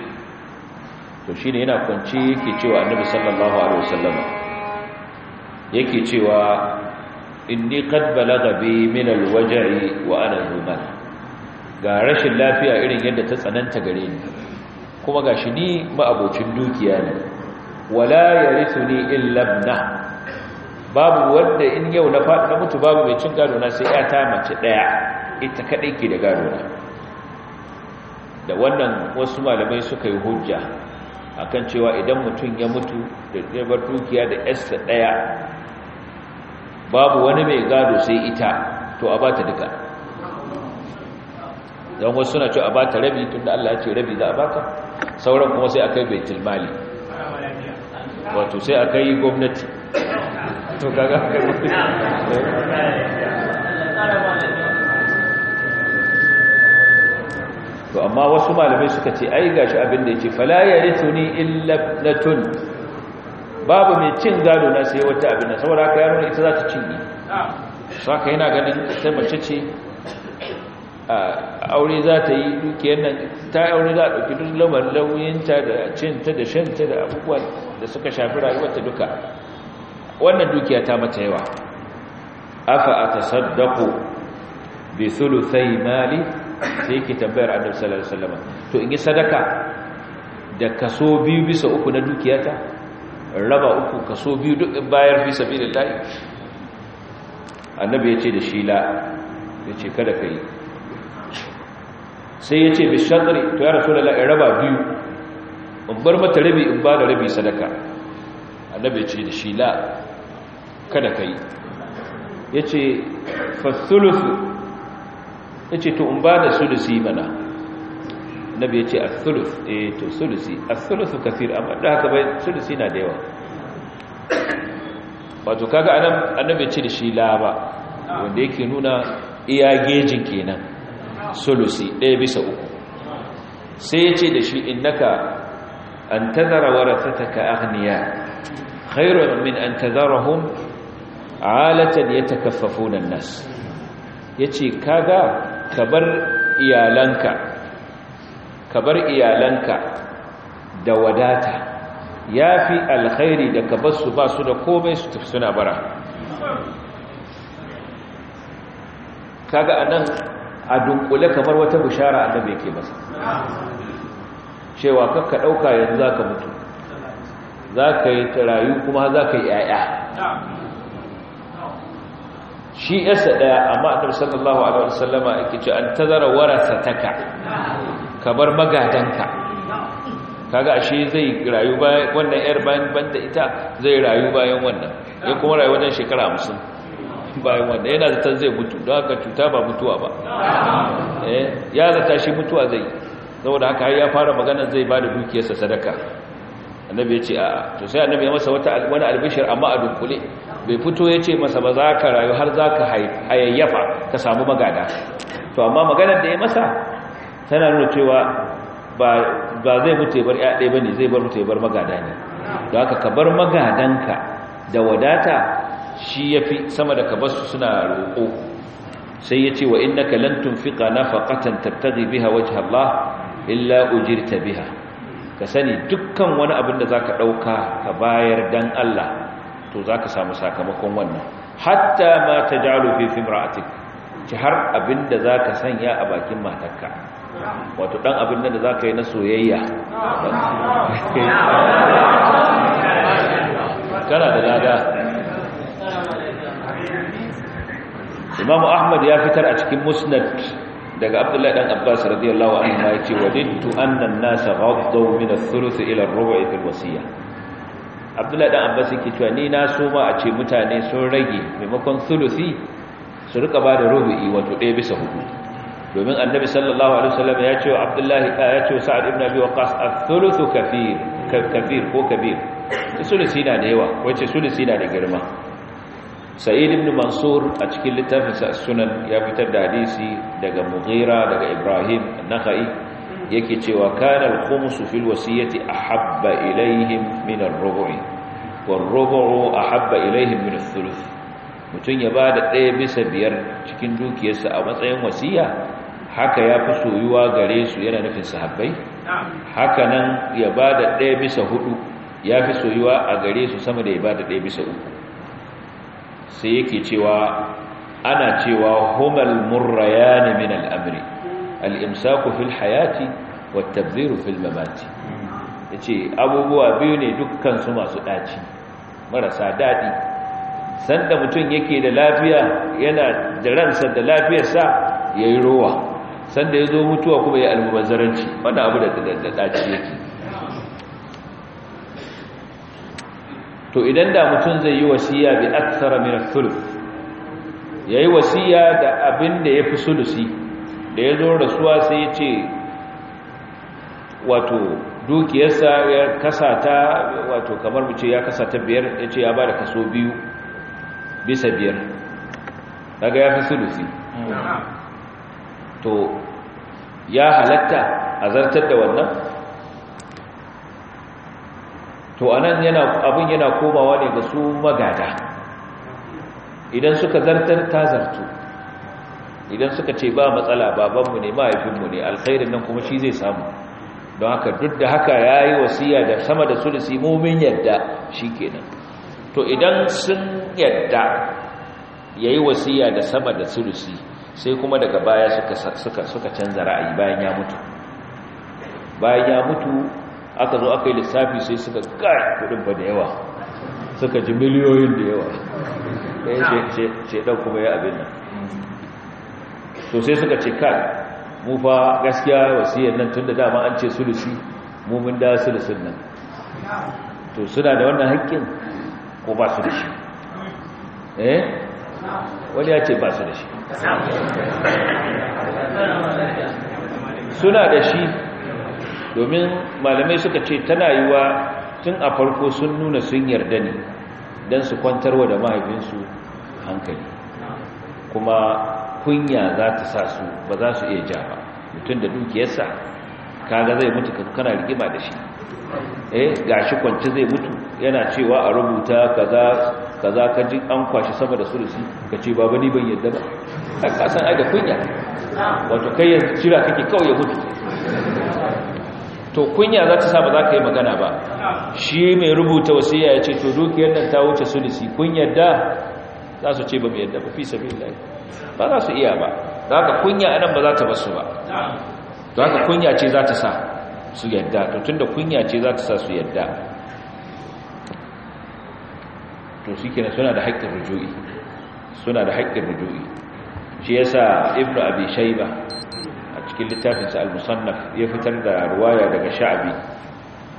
to shine yana kwance yake cewa annabi sallallahu alaihi sallam yake cewa inni qad balagha bi min alwaj'i wa ana zumal ga rashin lafiya irin yadda ta tsananta gare ni kuma gashi ni ma'abocin dukiya ne wala yarithuni illa ibna babu wanda in yau na fadi mutu babu mai cin gado na sai ya ta mace ɗaya ita kadai ke da gado na da wannan wasu malamai suka yi hujja akan cewa idan mutum ya mutu da ɗirbar dukiya da yarsa ɗaya babu wani mai gado sai ita to a bata duka don wasu suna cewa a bata rabi tun da Allah ya ce rabi za a bata sauran kuma sai kai bai tilmali wato sai akai gwamnati to kaga akai gwamnati amma wasu malamai suka ce ai gashi abin da yake fala rituni illa ibnatun babu mai cin gado na sai wata abin nan saboda haka yaro ita za ta ni saka yana ganin sai mace ce a aure za ta yi dukiyar nan ta aure za ta ɗauki duk lamar lauyinta da ta da shan ta da abubuwan da suka shafi rayuwarta duka wannan dukiya ta mata yawa afa a bi sulusai mali sai yake tambayar annabi sallallahu alaihi wasallam to in yi sadaka da kaso biyu bisa uku na dukiyata raba uku kaso biyu duk in bayar fi sabilillahi annabi ya ce da Shila, yace ya ce kada ka yi sai ya ce bishadari to ya rasu da raba biyu in bar mata rabi in ba da rabi sadaka annabi ya ce da Shila, kada ka yi ya ce ya ce to in ba da sulusi mana nabi ya ce a sulus eh to sulusi a sulusu kasir amma da haka bai sulusi na da yawa wato kaga annabi ce da shi la ba wanda yake nuna iya gejin kenan sulusi ɗaya bisa uku sai ya ce da shi innaka an tazara warathataka aghniya khairun min an tazarahum alatan yatakaffafuna an-nas yace kaga ka bar iyalanka da wadata ya fi alkhairi da ka bar su ba su da komai su tafi suna bara kaga anan a dunkule kamar wata bishara annabi ke masa cewa kakka dauka yanzu zaka mutu zaka yi rayu kuma zaka yi yaya shi yasa daya amma annabi sallallahu alaihi wasallama yake ce an tazara warasataka kabar magadanka kaga ashe zai rayu bayan wannan yar bayan banda ita zai rayu bayan wannan ya kuma rayu wajen shekara 50 bayan wannan yana da ta zai mutu don haka cuta ba mutuwa ba eh ya zata shi mutuwa zai saboda haka har ya fara magana zai ba da dukiyarsa sadaka annabi ya ce a to sai annabi ya masa wata wani albishir amma a dunkule bai fito ya ce masa ba za ka rayu har za ka hayayyafa ka samu magada to amma maganar da ya masa tana nuna cewa ba zai mutu bar yaɗe ba ne zai bar mutu bar magada ne da haka ka bar magadanka da wadata shi ya fi sama da ka basu suna roƙo sai ya ce wa inna kalan lantun fiƙa na faƙatan tattagi biha wajen Allah illa ujirta biha ka sani dukkan wani abin da za ka ɗauka ka bayar dan Allah to za ka samu sakamakon wannan hatta ma ta jalo fi fimra'atik ki har abin da za ka sanya a bakin matarka wato ɗan abin da za ka yi na soyayya kana da lada imamu ahmad ya fitar a cikin musnad daga abdullahi ɗan abbas radiyallahu anhu ya ce wadittu anna an-nasa ghaddu min ath-thuluth ila ar-rubu' fil wasiyya abdullahi dan abbas yake cewa ni na so ba a ce mutane sun rage maimakon thuluthi su rika ba da rubu'i wato ɗaya bisa hudu domin annabi sallallahu alaihi wasallam ya ce abdullahi ya ce sa'ad ibn abi waqas ath-thuluthu kafir kafir ko kabir thuluthi na da yawa wace thuluthi na da girma sa'id ibn mansur a cikin littafin sa sunan ya fitar da hadisi daga mughira daga ibrahim an-nakhai yake cewa kana al-khums fil wasiyati ahabba ilaihim min ar-rubu'i war-rubu'u ahabba ilaihim min ath-thuluth mutun ya bada ɗaya bisa biyar cikin dukiyarsa a matsayin wasiya haka ya fi soyuwa gare su yana nufin sahabbai haka nan ya bada ɗaya bisa hudu ya fi soyuwa a gare su sama da ya bada ɗaya bisa uku sai yake cewa ana cewa humal murrayani min al-amri al'imsaku fil hayati wa tabziru fil mamati ya ce abubuwa biyu ne dukkansu masu ɗaci marasa daɗi sanda mutum yake da lafiya yana da ransa da lafiyarsa ya yi rowa sanda ya zo mutuwa kuma ya almubazzaranci wani abu da ɗaci yake to idan da mutum zai yi wasiya bi aksara min Ya yi wasiya da abin da ya fi sulusi da ya zo rasuwa sai ya ce wato dukiyarsa ya kasata wato kamar mu ce ya kasata biyar ya ce ya ba da kaso biyu bisa biyar daga ya fi sulusi to ya halatta a zartar da wannan to anan yana abin yana komawa ne ga su magada idan suka zartar ta zartu idan suka ce ba matsala babanmu ne mahaifinmu ne alkhairin nan kuma shi zai samu don haka duk da haka ya yi wasiya da sama da sulisi mumin yadda shi kenan to idan sun yadda ya yi wasiya da sama da sulisi sai kuma daga baya suka canza ra'ayi bayan ya mutu bayan ya mutu aka zo aka yi lissafi sai suka kai kudin ba da yawa suka ji miliyoyin da yawa ɗaya ɗan kuma ya abin nan to sai suka ce kai mu fa gaskiya wasiyar nan tunda dama an ce sulusi mu mun da sulusin nan to suna da wannan haƙƙin ko ba su da shi eh wani ya ce ba su da shi suna da shi domin malamai suka ce tana yi wa tun a farko sun nuna sun yarda ne don su kwantarwa da mahaifinsu hankali kuma kunya za ta sa su ba za su iya ja ba mutum da dukiyarsa kaga zai mutu kana rigima da shi eh gashi kwance zai mutu yana cewa a rubuta kaza kaza ka ji an kwashi sama da sulusi ka ce baba ni ban yadda ba kai ka san da kunya wato kai yanzu jira kake kawai ya mutu to kunya za ta sa ba za ka yi magana ba shi mai rubuta wasiya ya ce to dukiyar nan ta wuce sulusi kun yadda za su ce ba mu yadda ba fi lai ba za su iya ba za ka kunya anan ba za ta ba su ba za ka kunya ce za ta sa su yadda to tun da kunya ce za ta sa su yadda to shikenan suna da haƙƙin rujui suna da haƙƙin rujui shi ya sa ibnu abi shayba a cikin littafinsa al-musannaf ya fitar da ruwaya daga sha'abi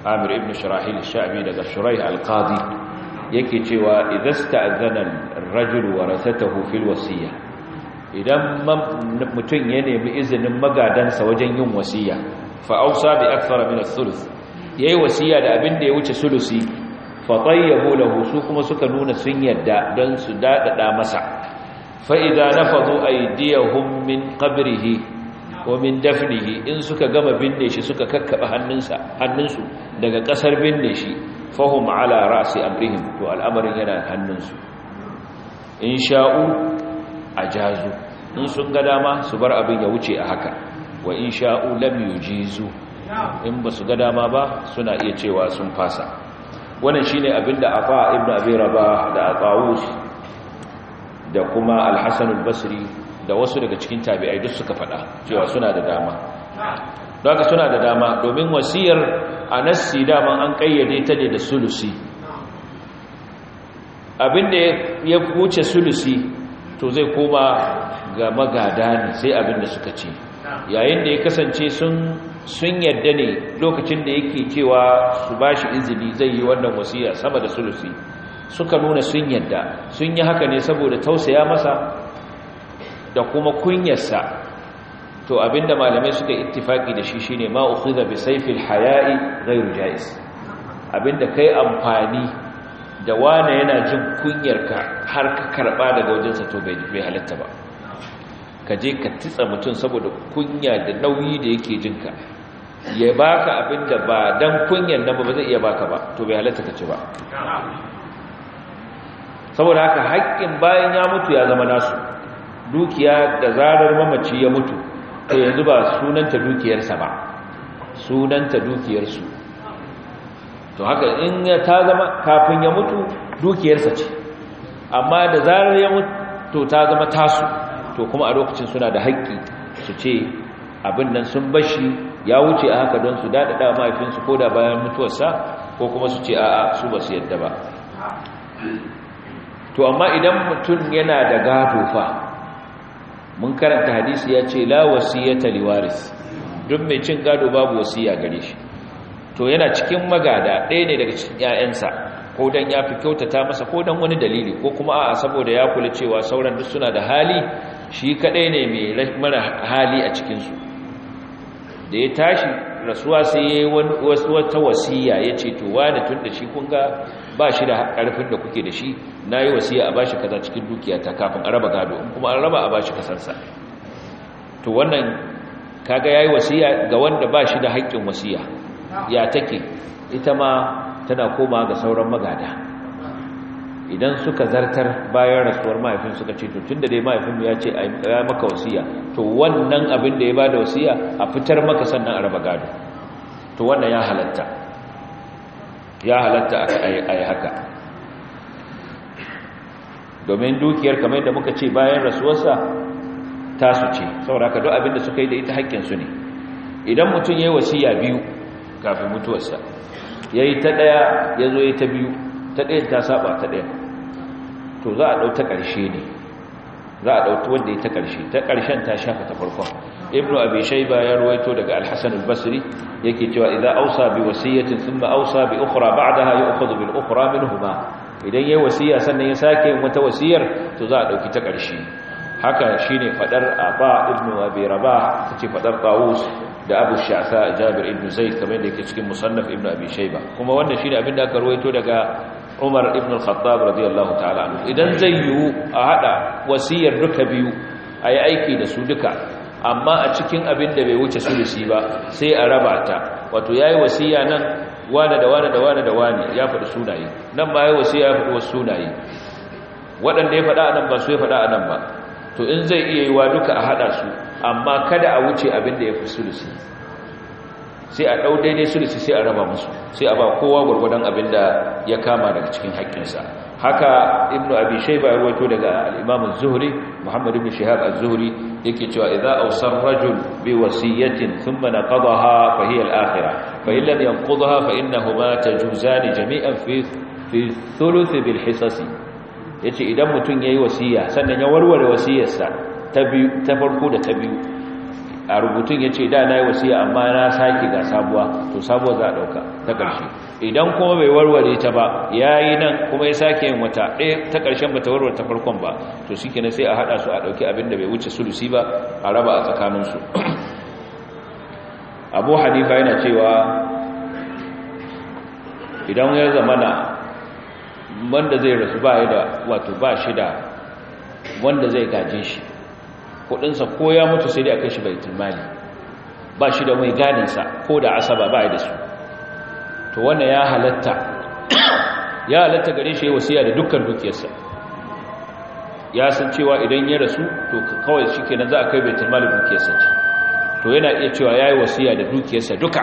amir ibn shurahil sha'abi daga shuraih al-qadi yake cewa idza sta'zana rajul warasatahu fil wasiya idan mutum ya nemi izinin magadansa wajen yin wasiya fa ausa bi akthara min as-sulus yayi wasiya da abin da ya wuce sulusi fa tayyabu lahu su kuma suka nuna sun yadda don su dadada masa fa idza nafadhu aydiyahum min qabrihi wa min dafnihi in suka gama binne shi suka kakkaba hannunsa hannunsu daga kasar binne shi fahum ala ra'si amrihim to al'amarin yana hannunsu in sha'u a jazu in sun ga dama su bar abin ya wuce a haka wa in sha'u lam jizu in ba su ga dama ba suna iya cewa sun fasa wannan shine abin da afa Ibn abiraba da atawus da kuma alhassan da wasu daga cikin tabi'ai duk suka faɗa cewa suna da dama don suna da dama domin wasiyar a nassi daman an kayyade ta ne da sulusi abinda ya wuce sulusi to zai koma ga magada ne sai abinda suka ce yayin da ya kasance sun sun yadda ne lokacin da yake cewa su bashi izini zai yi wannan wasiya sama da sulusi suka nuna sun yadda sun yi haka ne saboda tausaya masa da kuma kunyarsa to abinda malamai suka ittifaki da shi shine ma ukhidha bi sayfil haya'i ghayr jais abinda kai amfani da wane yana jin kunyarka har ka karba daga wajensa to bai halatta ba ka je ka titsa mutum saboda kunya da nauyi da yake jin ka. ya baka abin da ba dan kunyan nan ba zai iya baka ba to bai halatta ka ci ba saboda haka haƙƙin bayan ya mutu ya zama nasu dukiya da zarar mamaci ya mutu to yanzu ba sunanta dukiyarsa ba sunanta dukiyarsu to haka in ta zama kafin ya mutu dukiyarsa ce amma da zarar ya mutu to ta zama tasu to kuma a lokacin suna da haƙƙi su ce abin nan sun bashi ya wuce a haka don su daɗaɗa mahaifinsu ko da bayan mutuwarsa ko kuma su ce a'a su ba su yadda ba to amma idan mutum yana da gado fa mun karanta hadisi ya ce la wasiyata liwaris duk mai cin gado babu wasiya gare shi to yana cikin magada ɗaya ne daga cikin ‘ya'yansa ko don ya fi kyautata masa ko don wani dalili ko kuma a saboda ya kula cewa sauran duk suna da hali shi kaɗai ne mai mara hali a cikinsu da ya tashi rasuwa sai ya yi wata wasiya ya ce to wani tun da shi kunga ba shi da ƙarfin da kuke da shi na yi wasiya a ba shi kaza cikin dukiya ta kafin a raba gado kuma an raba a ba shi kasarsa to wannan kaga ya yi wasiya ga wanda ba shi da haƙƙin wasiya ya take ita ma tana koma ga sauran magada idan suka zartar bayan rasuwar mahaifin suka ce tun da dai mahaifinmu ya ce a maka wasiya to wannan abin da ya ba da wasiya a fitar maka sannan a raba gado to wannan ya halatta ya halatta a yi haka domin dukiyar kamar yadda muka ce bayan rasuwarsa tasu ce sauraka duk abin da suka yi da ita hakkinsu ne idan mutum ya yi wasiya biyu kafin mutuwarsa ya yi ta ɗaya ya zo ya ta biyu ta ɗaya ta saba ta ɗaya to za a ɗau ta ƙarshe ne za a ɗauki wanda ya ta ƙarshe ta ƙarshen ta shafa ta farkon ibnu abi shayba ya ruwaito daga alhassan hasan ya basri yake cewa idan awsa bi wasiyatin thumma awsa bi ukhra ba'daha yu'khadhu bil min minhuma idan yayi wasiya sannan ya sake yin wata wasiyar to za a ɗauki ta ƙarshe haka shine faɗar aba ibnu abi ta ce faɗar tawus da abu shafa jabir ibn zaid kamar da yake cikin musannaf ibn abi shayba kuma wannan ne abin da aka ruwaito daga umar ibn al-khattab radiyallahu ta'ala anhu idan zai yiwu a hada wasiyar duka biyu ayi aiki da su duka amma a cikin abin da bai wuce su da shi ba sai a raba ta wato yayi wasiya nan wane da wane da wane da wane ya faɗi sunaye nan ma yayi wasiya ya faɗi wasu sunaye waɗanda ya faɗa nan ba su ya faɗa nan ba to in zai iya yiwa duka a hada su amma kada a wuce abin da ya fi sulusi sai a ɗau daidai sulusi sai a raba musu sai a ba kowa gwargwadon abin da ya kama daga cikin haƙƙinsa haka ibnu abi ba ya daga al zuhuri muhammadu zuhri shahab al-zuhuri yake cewa idza awsar rajul bi wasiyatin thumma naqadaha fa hiya al-akhirah fa illam yanqudha fa innahuma tajuzani jami'an fi fi thuluth bil hisasi yace idan mutum ya yi wasiya sannan ya warware wasiyarsa ta biyu farko da ta biyu a rubutun yace da na yi wasiya amma na saki ga sabuwa to sabuwa za a dauka ta karshe idan kuma bai warware ta ba yayi nan kuma ya sake yin wata eh ta karshen bata warware ta farkon ba to shikenan sai a haɗa su a ɗauki abin da bai wuce sulusi ba a raba a tsakanin su abu hanifa yana cewa idan ya zamana wanda zai rasu ba da wato ba shi da wanda zai gaje shi kudinsa ko ya mutu sai dai a kai shi bai mali ba shi da mai gadinsa ko da asaba ba da su to wannan ya halatta ya halatta gare shi wasiya da dukkan dukiyarsa ya san cewa idan ya rasu to kawai shikenan za a kai bai mali dukiyarsa ce to yana iya cewa ya yi wasiya da dukiyarsa duka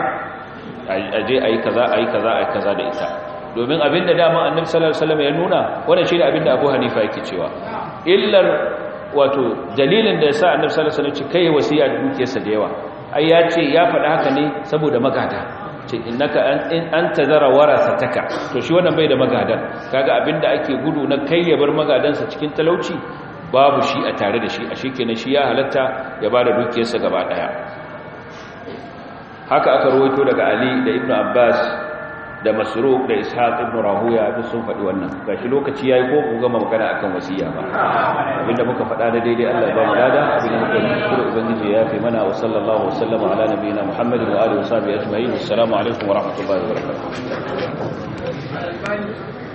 a je a yi kaza a yi kaza a yi kaza da ita domin abinda dama annab sallallahu alaihi wasallam ya nuna wannan abin da Abu Hanifa yake cewa illar wato dalilin da yasa annab sallallahu alaihi wasallam ya kai wasiya dukiyarsa da yawa ai ya ce ya faɗa haka ne saboda magada ce innaka an zara warasataka to shi wannan bai da magadan kaga abin da ake gudu na kai ya bar magadansa cikin talauci babu shi a tare da shi a shikenan shi ya halatta ya ba da dukiyarsa gaba daya haka aka ruwaito daga Ali da Ibn Abbas da masruq da ishaq ibn rahuya duk sun faɗi wannan gashi lokaci yayi ko ku gama magana akan wasiya ba abinda muka faɗa da daidai Allah ya ba mu lada abinda muka kuskure ubangiji ya yafe mana wa sallallahu wa sallama ala nabiyyina muhammad wa alihi wa sahbihi ajma'in assalamu alaikum wa rahmatullahi wa barakatuh